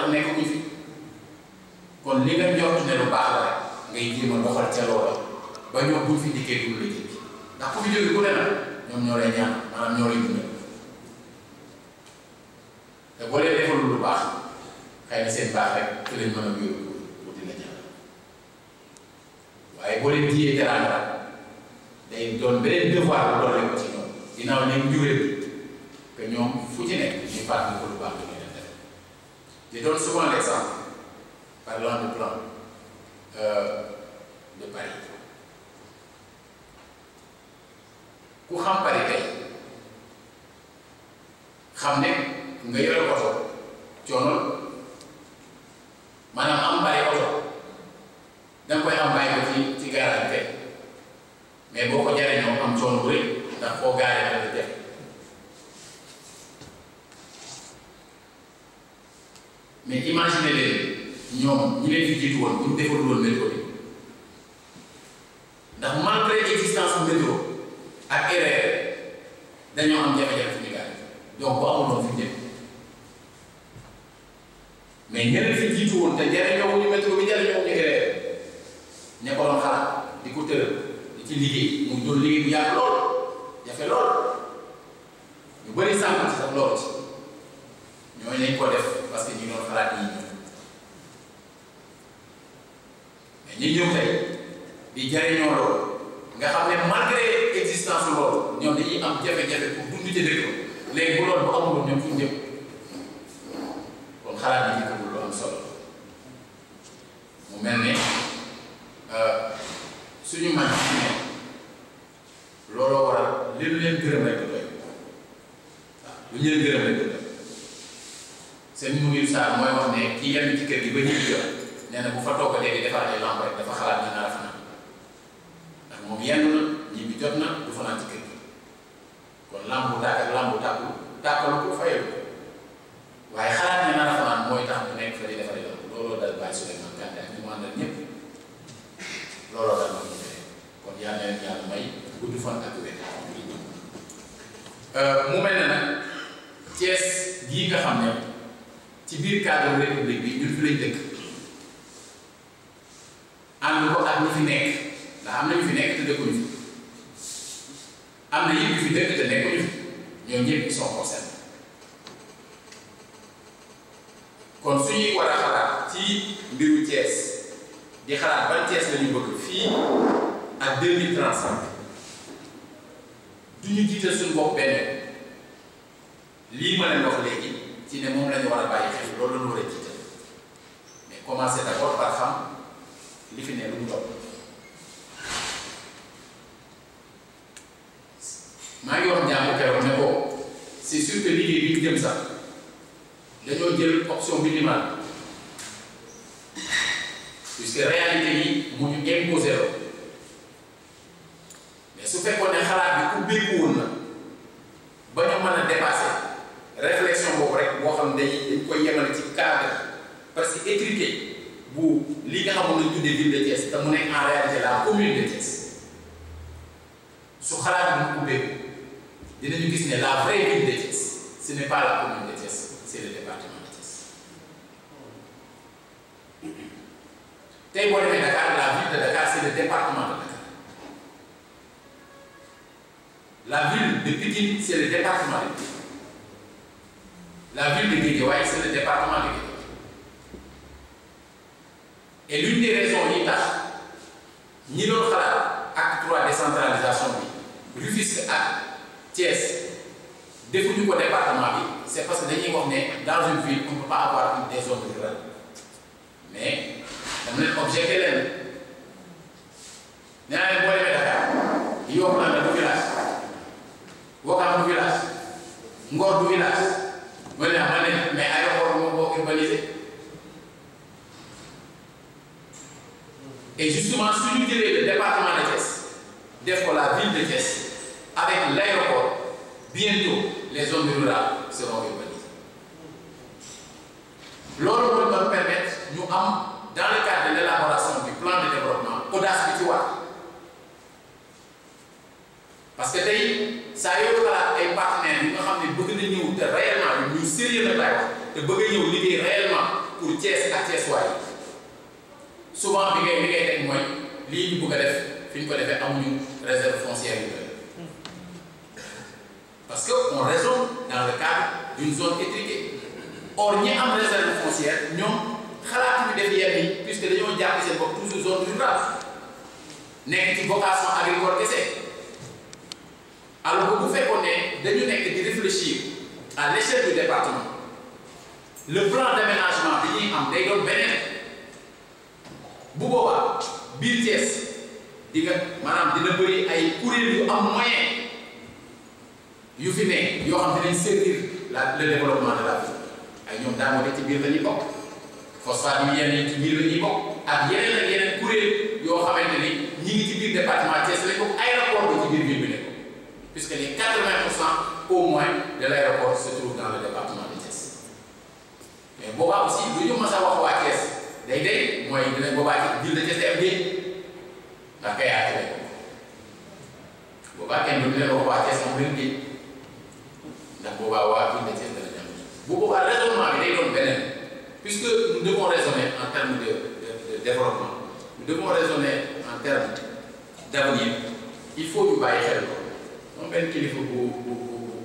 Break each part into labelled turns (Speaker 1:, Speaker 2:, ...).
Speaker 1: tax nekkuñu fi kon li nga njort ne lu baax la ngay jéem a doxal ca loola ba ñoom buñ fi dikkee duñ la jënd ndax ku fi jógee ku ne nag ñoom ñoo lay ñaan maanaam ñoo lay dundal te boo leen defal lu baax xëy na seen baax rek ci mën a wéeru pour di la ñaan waaye boo leen jiyee teraanga day doon beneen devoir bu doole ko ci ñoom ginnaaw ñoom juree que ñoom fu ci nekk ñu fàttali ko lu baax Je donne souvent l'exemple, parlant du plan euh, de Paris. ku xam Paris tey xam ne nga yore oto coono jiitu woon bu ñu defal woon météo bi ndax malgré existence bu météo ak RER dañoo am jafe-jafe fi ñu gaari donc bu amuloon fi ñu jëm mais ñeneen fi jiitu woon te jariñoo ñu météo bi jariñoo ñu RER ña xalaat di ko tëral di ci liggéey mu doon liggéey bu yàgg lool jafe lool ñu bëri sàmm ci sax lool ci ñooñu lañ ko def parce que ñu doon xalaat yi ñi ñëw tey di loolu nga xam ne malgré existence loolu ñoom dañuy am jafe-jafe pour dund ci dëkk léegi bu loolu bu amuloon ñoom fu ñëpp kon xalaat yi ñu ko lu am solo mu mel ne euh, suñu man looloo waral li lu leen gërëm rek lu ñu leen gërëm rek doy seen Mouride mooy wax ne ki yenn ci kër gi ba ñuy jox. nee na bu fa toggalee di defaatee lamb rek dafa xalaat ñu nar a fanaan ndax moom yenn ànd ko ak ñu fi nekk ndax am na ñu fi nekk te dëkkuñu fi am na yëpp ñu fi dëkk te nekkuñu fi ñoom ñëpp sont concernés kon suñuy war a xalaat ci mbiru Thiès di xalaat ban Thiès la bëgg fii ak deux mille du ñu jiital suñu bopp benn lii ma leen wax léegi ci ne moom la war a bàyyi xel loolu la war a jiital mais commencer d'abord par xam. li fi ne lu mu doon maa ngi wax jàmm keroog ne ko c'est sûr que liggéey bi ñu jëm sax dañoo jël option minimale puisque réalité yi mu ñu imposé la mais su fekkoon ne xalaat bi ubbeeku woon na ba ñu mën a dépasser réflexion boobu rek boo xam ne dañ koy yemale ci cadre parce que étriqué. bu li nga xamoon nañ tuddee ville de Thiès te mu nekk en réalité la commune de Thiès su xalaat bi mu ubbeeku ne la vraie de Thiès ce n'est pas la commune de Thiès c'est le département de Thiès tey la ville de Dakar c'est le département de Dakar la ville de Pikine c'est le département de Pikine la ville de Guédiawaye c'est le département de et l'une des raisons yi tax ñi doon xalaat acte trois décentralisation bi Rufisque ak Thiès defuñu ko département bi c'est parce que dañuy wax ne dans une ville on ne peut pas avoir des zones rurales mais dama leen objecté leen nee naa leen boo demee Dakar yow am na du village Ouakam du village Ngor du village mooy ne et justement su ñu jëlee le département de Thiès def la ville de Thiès avec l'aéroport bientôt les zones rurales seront urbanisées loolu mooy doon permettre ñu am dans le cadre de l'élaboration plan de développement audace bi ci parce que tey saa yoo xalaat ay partenaires yi nga xam ne bëgg na te réellement ñu sérieux na tay wax te bëgg a ñëw liggéey réellement pour Thiès ak Thiès waay souvent bi ngay bi ngay teg mooy lii ñu def fi ñu ko defee amuñu réserve foncière yu parce que on raisonne zone ñi am réserve foncière ñoom xalaatuñu def yenn puisque dañoo jàpp seen bopp toujours zone rurale nekk ci vocation agricole kese bu fekkoon ne dañu nekk di réfléchir à l'échelle du département le plan d'aménagement bi ñuy am day doon beneen. bu boobaa biir Thiès di nga maanaam dina bëri ay kuréel yu am moyen yu fi nekk yoo xam te nañ servir la le développement de la ville ay ñoom daanaka ci biir la ñuy bokk phosphate yu yenn yi ci biir la bokk ak yeneen ak yeneen kuréel yoo xamante ni ñi ngi ci biir département Thiès lañ bokk aéroport bi ci biir ville bi nekk puisque les quatre-vingts pour cent au moins de l' aéroport se trouve dans le département de Thiès mais boobaa aussi lu ñu day day mooy dinañ boobaa ci jël na ca CFD ndax kayaar ci lañ boobaa kenn du ne la waa Thiès moom benn géej waa jël na Thiès dana ñam bu boobaa raisonnement bi day doon beneen puisque nous devons de de de développement nous devons raisonner en termes d'avenir il faut ñu bàyyi xel ko moom benn kilifa bu bu bu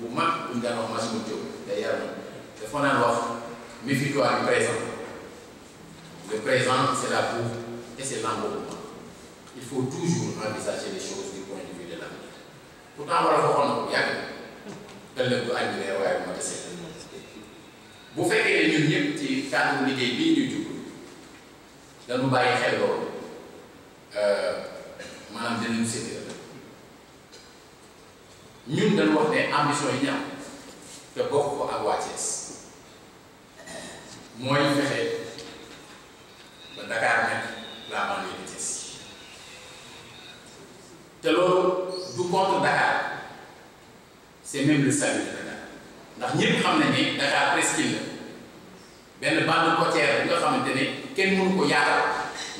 Speaker 1: bu mag bu ñu daan wax Massoum Diop day yar na dafa naan wax méfie-toi du présent. Le présent, c'est la boue et c'est l'environnement. Il faut toujours envisager les choses du point de vue de l'avenir. pourtant wala foo xam ne bu yàgg ëllëg bu àññi ne waaye bu ma desee bu fekkee ne ñun ñëpp ci kàddu liggéey bii ñu jublu dañu bàyyi xel loolu euh, maanaam dinañu séddale ñun dañu wax ne ambition yi ñam te bokk ko ak waa Thiès mooy fexe c'est même le salut de Dakar ndax ñëpp xam na ni Dakar presqu'île la benn bande côtière bi nga xamante ne kenn mënu ko yaatal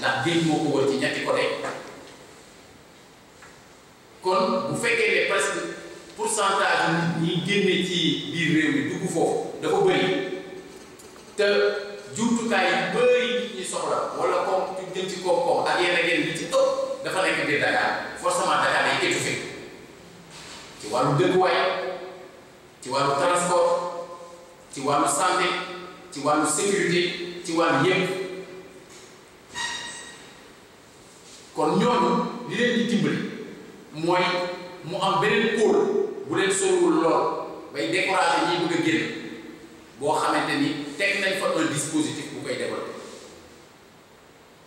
Speaker 1: ndax géej moo ko wër ci ñetti côté kon bu fekkee ne presque pourcentage ñi génne ci biir réew mi dugg foofu dafa bëri te jumtukaay yu bëri ñu soxla wala comme ñu jëm ci koom-koom ak yeneen yeneen yi ci topp dafa nekk biir Dakar forcément Dakar day étouffé. ci wàllu dëkkuwaay ci wàllu transport ci wàllu santé ci wàllu sécurité ci wàllu yëpp kon ñooñu li leen di dimbali mooy mu am beneen pôle bu leen soriwul lool bay décourager ñi bëgg a génn boo xamante ni teg nañ fa un dispositif bu koy développé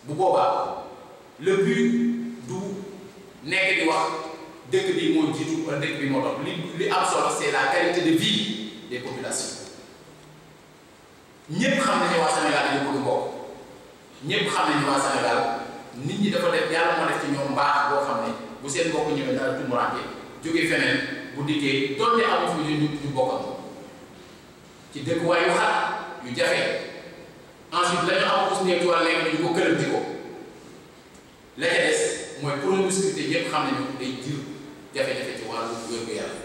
Speaker 1: bu boobaa le but du nekk di wax. dëkk bi moo jiitu wala li li am solo c'est la qualité de vie des populations ñëpp xam nañu waa Sénégal dañu bëgg mbokk ñëpp xam nañu waa Sénégal nit ñi dafa def yàlla moo def ci ñoom mbaax boo xam ne bu seen mbokk ñëwee dara tumuraanke jógee feneen bu dikkee doonte amul fu ñu ñu bokkam ci dëkkuwaay yu xat yu jafe ensuite la am aussi nekk wala lekk ñu ko këram di ko la ca des mooy promiscuité ñëpp xam nañu day jafe-jafe ci wàllu wér-gu-yaram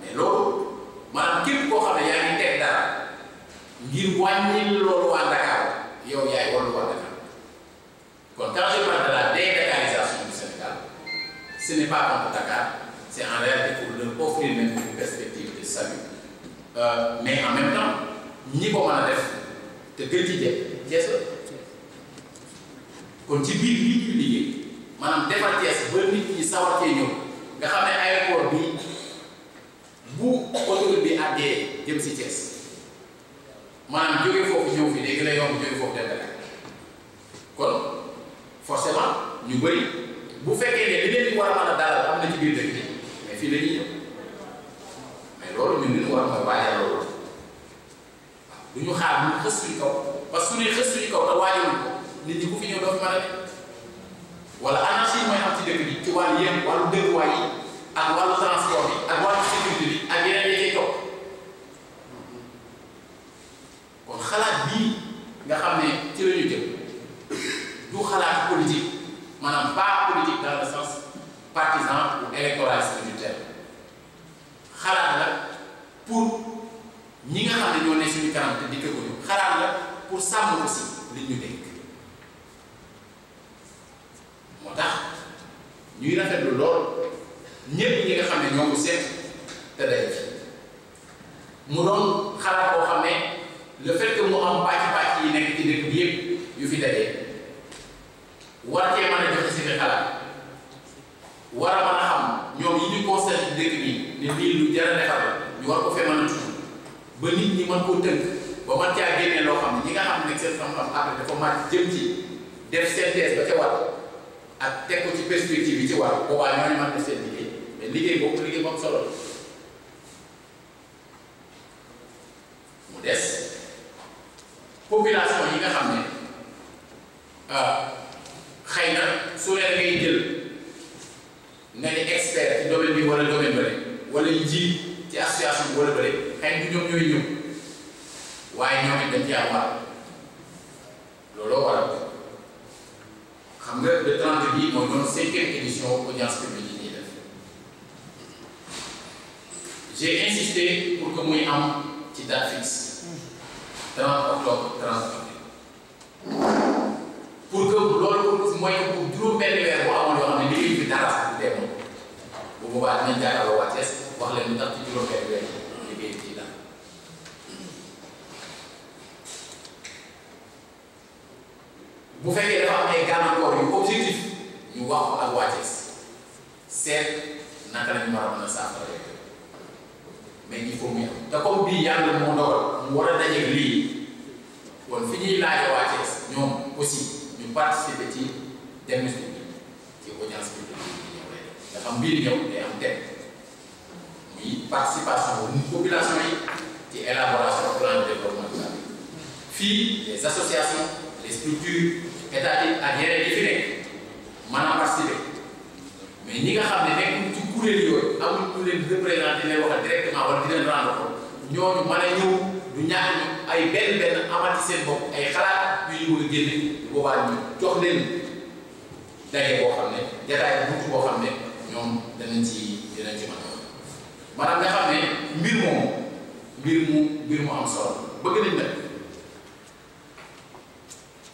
Speaker 1: mais loolu maanaam képp koo xam ne yaa ngi dara ngir wàññi loolu waa Dakar yow yaay wàllu waa kon quand je parle de la dédakarisation du Sénégal ce n'est pas contre Dakar c'est en réalité perspective de salut euh, mais en même ñi ko mën a def te gën ci jeex kon ci biir lii ñuy liggéey. maanaam defar Thiès ba nit ñi sawar cee ñëw nga xam ne aéroport bi bu autoroute bi àggee jëm si Thiès maanaam jóge foofu ñëw fi léegi la yomb jóge foofu dem Dakar kon forcément ñu bëri bu fekkee ne li leen di war a mën a am na ci dëkk bi mais fii la mais loolu ñun li ñu war mooy bàyyi loolu waaw du ñu xaar ñu xës suñu kaw parce que xës suñu kaw te waajal nit ñi ku fi ñëw doo fi mën a wala annonce yi mooy am ci dëkk bi ci wàllu yéen wàllu dëkkuwaay yi ak wàllu transport bi ak wàllu sécurité bi ak yeneen yi cay kon xalaat bii nga xam ne ci la ñu du xalaat politique maanaam pas politique dans le sens partisan ou électoraliste du terme xalaat la pour ñi nga xam ne ñoo ne suñu kanam te dikkaguñu xalaat la pour sàmm aussi. tax ñuy rafetlu lool ñépp ñi nga xam ne ñoo ko seet te day ci mu doon xalaat boo xam mu am pàcc pàcc yi nekk ci dëkk bi yépp yu fi daje war cee mën a joxe seen xalaat war a mën a xam ñoom yi ñu conseillé ci dëkk bi ne lu jar a defar ñu war ko fee mën a tudd ba nit ñi mën koo tënk ba mën caa génnee loo xam ne ñi nga xam ne seen xam-xam après dafa màcc jëm ci def synthèse ba ca war ak teg ko ci perspective yi ci war boobaa ñoo ne man na liggéey mais liggéey liggéey boobu solo mu des population yi nga xam ne ah, xëy na su leen ngay jël nga ne expert ci domaine bi wala domaine njiit ci association bi wala bële xëy na ñoom ñooy ñëw waaye ñoom it dañ ci am war looloo waral xam nga màggal bi mooy doon cinquième édition audience publique yi ñuy def j'ai insisté pour que muy am ci date fixe 30 octobre 30 octobre pour que loolu mooy bu juróom-benn weer bu amoon yoo xam ne liggéey bi bu boobaa dinañ jaaraloo waa Thiès wax leen lu tax ci juróom-benn weer liggéey bi ci dara bu fekkee ñu wax ko ak waa Thiès seet naka la ñu war a mën a mais il faut mu am te comme bii yàlla moo dogal mu war a dajeeg lii kon fi ñuy laajee waa ñoom aussi ñu participer ci démission bi ci audience publique bi ñëw rek nga xam mbir ñëw day am thème muy participation bu population yi ci élaboration plan de développement rural fii les associations les structures étatiques ak yeneen yi mën a participer mais ñi nga xam ne nekk ci kuréel yooyu amul ku leen représenté leen wax directement wala di leen rendre ko ñooñu mën a ñëw du ñàkk ay benn benn amati seen bopp ay xalaat yu ñu bëgg a génne bu boobaa ñu jox leen nga xam ne mbir moom mbir mu mbir mu am solo bëgg nañ nag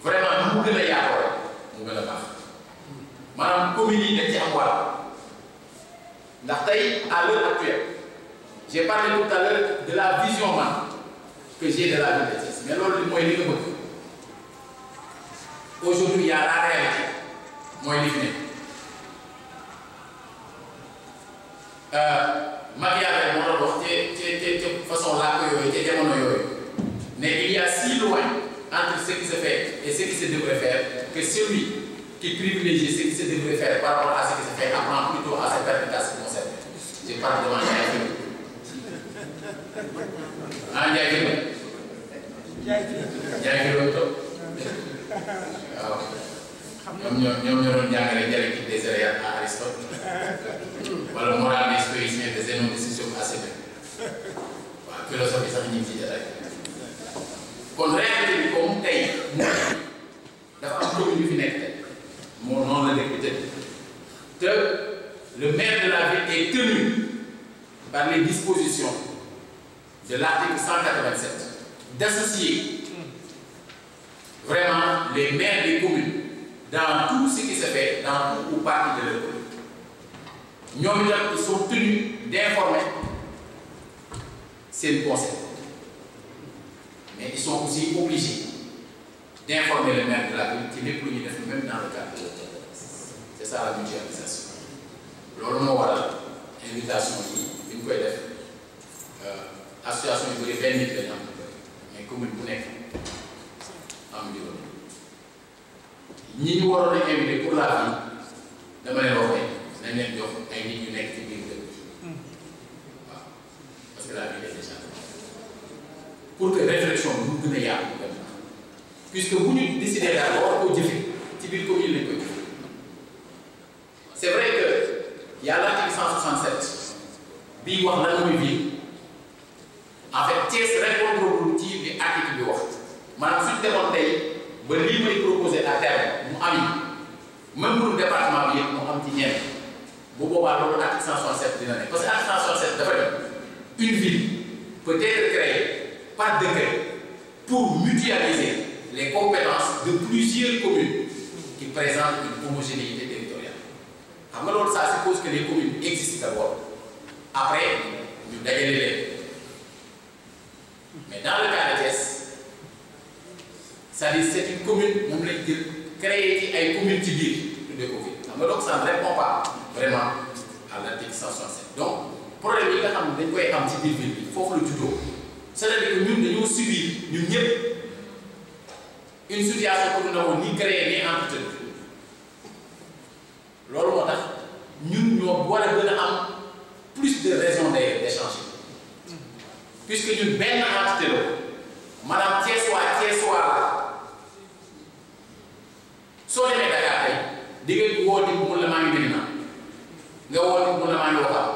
Speaker 1: vraiment mu gën a yaatoo rek mu gën a baax maanaam communes yi dañ ci am wàll à l'heure actuelle j'ai parlé tout à l'heure de la vision man que j'ai de la de Thiès mais loolu mooy li nga bëgg aujourd'hui il y a la réalité mooy li fi nekk euh, wax ca ca ca façon làkk yooyu ca jamono yooyu mais il y si loin entre ce qui se fait et ce qui se qui privilégie ce qui se devrait faire par rapport à ce qui se fait apprend plutôt à se faire de ce concept. Je parle devant Ndiaye Félix. ah Ndiaye Félix. Ndiaye Félix toog waaw. ñoom ñoo ñoom ñoo doon jàngale dialectique des éléments à Aristote wala morale des stoïciens des énonciations à Sénèque waaw philosophie sax ñu ngi ciy sont tenus d'informer seen conseil mais ils sont aussi obligés d'informer le maire de ci lépp lu ñuy def même dans le cadre de c'est ça la loolu moo waral invitation yi bi ñu koy def euh, association yu bëri benn nit lañu mais commune bu nekk am juróom ñi a invité pour la ville dama leen waxee ay nit ñu nekk ci biir de la vie des gens pour que mu gën a yaatu vraiment puisque bu ñu décider daal war koo jëfee ci biir commune lañ koy jëfee c'est vrai que y a l'article 167 bii wax lan muy ville en fait Thiès répondre ci li article bi wax maanaam suñ demoon tey ba lii may proposer à terme mu am yi même pour département bi mu am ci ñeent bu boobaa loolu article 167 dina ne parce que article 167 dafa dem. Une ville peut être créée par décret pour mutualiser les compétences de plusieurs communes qui présentent une homogénéité territoriale. xam nga loolu sa suppose que les communes existent d'abord après ñu dajale leen mais dans le cas de Thiès c'est-à-dire c'est une commune moom lañ ay communes ci biir tuddee ko fi xam nga donc ça ne pas vraiment. dañ koy am ci biir foofu la juddoo c'est-à-dire que ñun dañoo subir ñun ñëpp une situation pour na woon ni créé ni entretenir loolu moo tax ñun ñoo war a am plus de raisons d'échanger puisque ñun benn entité la maanaam Thiessois Thiessois la soo demee Dakar tey di nga woo nit mu la maa ngi Médina nga woo nit mu la maa ngi Ouakam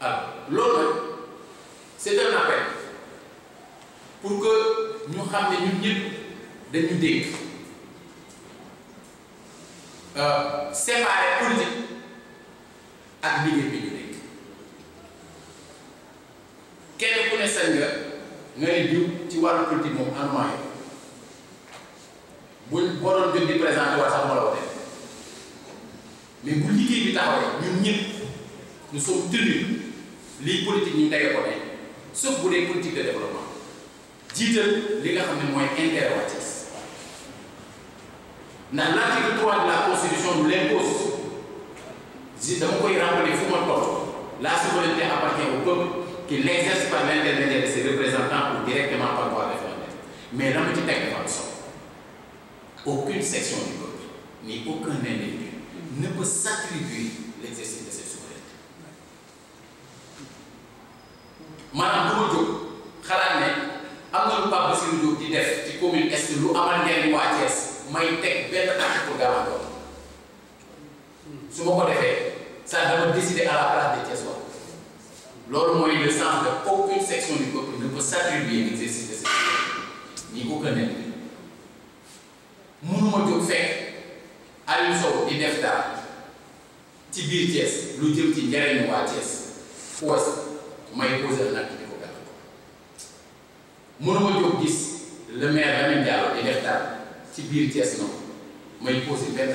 Speaker 1: alors ah, loolu nag c'est un appel pour que ñu xam ne ñun ñëpp dañu dégg euh, séparer politique ak liggéey bi ñu nekk kenn ku ne sañ nga nga ne diw ci wàllu politique moom en buñ boo doon jóg di présenté waa sax ma la wote mais bu liggéey bi taxawee ñun ñëpp nous sommes tenus lii politique ñu tege ko ne sauf bu dee de développement jiital li nga xam ne mooy intérêt waa Thiès ndax l'article 3 de la constitution nous l'impose si dama koy rappeler fu ma toll la souveraineté appartient au peuple qui l'exerce par l'intermédiaire de ses représentants ou directement par voie référendaire mais la ma ci teg aucune section du peuple ni aucun individu ne peut s'attribuer l'exercice Mansour Diouf di def ci commune est lu amal njëriñ waa may teg benn acte pour gàllankoor su ma ko defee ça dama décider à la place loolu mooy le sens de section du peuple ne peut s'attribuer l'exercice jóg fekk Aliou di def dara ci biir Thiès lu jëm ci njëriñu waa Thiès foofu may poser nag. mënuma jóg gis le maire Lamine Diallo di def dara ci biir Thiès noonu may pour si kenn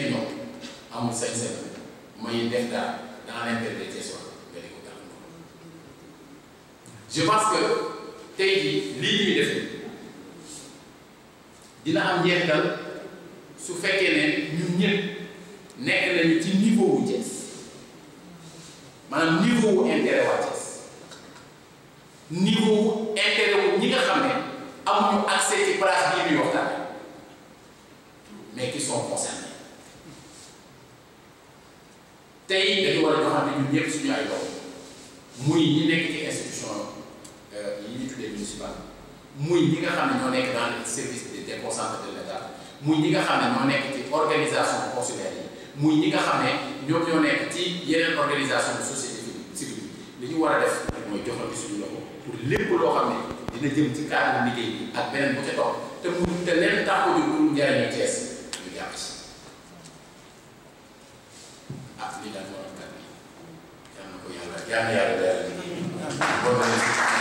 Speaker 1: ci ñoom amul sañ-sañ may def dara dans l'intérêt des Thiessois nga di ko gàllankoor je tey jii lii ñuy def dina am njeexital su fekkee ne ñun ñëpp nekk nañu ci niveau wu maanaam niveau wu intérêt niveau wu intérêt ñi nga xam ne amuñu accès ci place bii ñuy waxtaanee mais qui sont concernés tey dañu war a joxante ñun ñëpp suñu ay muy ñi nekk ci institution euh, yi ñuy tuddee municipal muy ñi nga xam ne ñoo nekk dans le service des déconcentrés de l'État muy ñi nga xam ne ñoo nekk ci organisation consulaire yi muy ñi nga xam ne ñoom ñoo nekk ci yeneen organisation de société civile li ñu war a def mooy joxante suñu loxo pour lépp loo xam ne dina jëm ci cadre liggéey ak beneen bu ca topp te mu te leen tax ko jóg njëriñu Thiès ñu jàpp si ah lii daal moo am kat yal na ko yàlla yal na yàlla